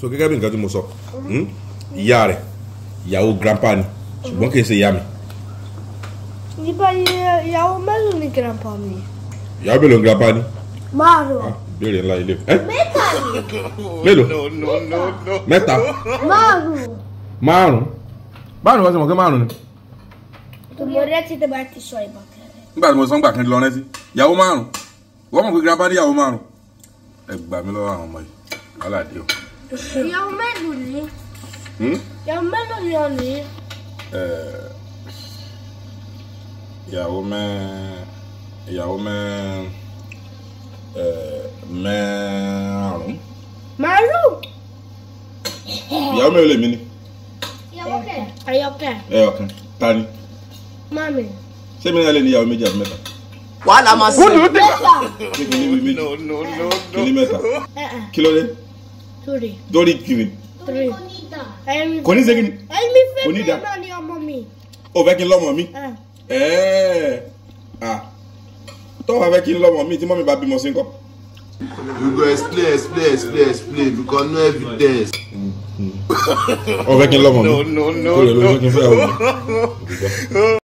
so gẹ́gẹ́ bí nǹkan tí mo sọ hmm, ìyá rẹ̀ ìyàwó grandpa ni ṣùgbọ́n kì í ṣe ìyá mi. nípa ìyàwó mélòó ni grandpa mi. ìyàwó mélòó ni grandpa ni. márùn. Ah, béèrè ńlá ilé. Eh? mẹ́ta ni. mélòó. mẹ́ta. márùn. márùn. báwo ni wọ́n ṣe mọ̀ pé márùn ni. tòmọ̀ rẹ ti tẹ̀ bá ti sọ ìbọn kẹrẹ. nígbà tí mo sọ ń gbà kí n lọ rántí ìyàwó márùn wọ́n mọ̀ pé grandpa ní ìyàwó márùn ẹ gbà mí lọ́wọ́ àwọn ọmọ yìí wàhálà dé o. Yau mélòó ni? Hmm? Yau mélòó ni ọ̀nì? Ìyàwó mẹ́ ìyàwó mẹ́ mẹ́rùn. Màálù. Ìyàwó mélòó lèmi ni? Ìyàwó kẹ̀. Ẹyọkẹ̀. Ẹyọkẹ̀. Ta ni? Mami. Ṣé mi náà lè ní ìyàwó méjì àbí mẹ́ta? Wàhálà máa ṣe. Kí ni mẹ́ta? Kí ni mẹ́ta? Kí ló dé? Three. Torí kiri. Torí kò ní dà. Kò ní segin. Ẹ̀mí fẹ́ fẹ́ náà ni ọmọ mi. O fẹ́ kí ah tọ́ wa fẹ́ kí n lọ́mọ mi tí mọ́mi bá bímọ sí nǹkan. We go explain explain explain explain because no evidence. O fẹ́ kí n No no no no.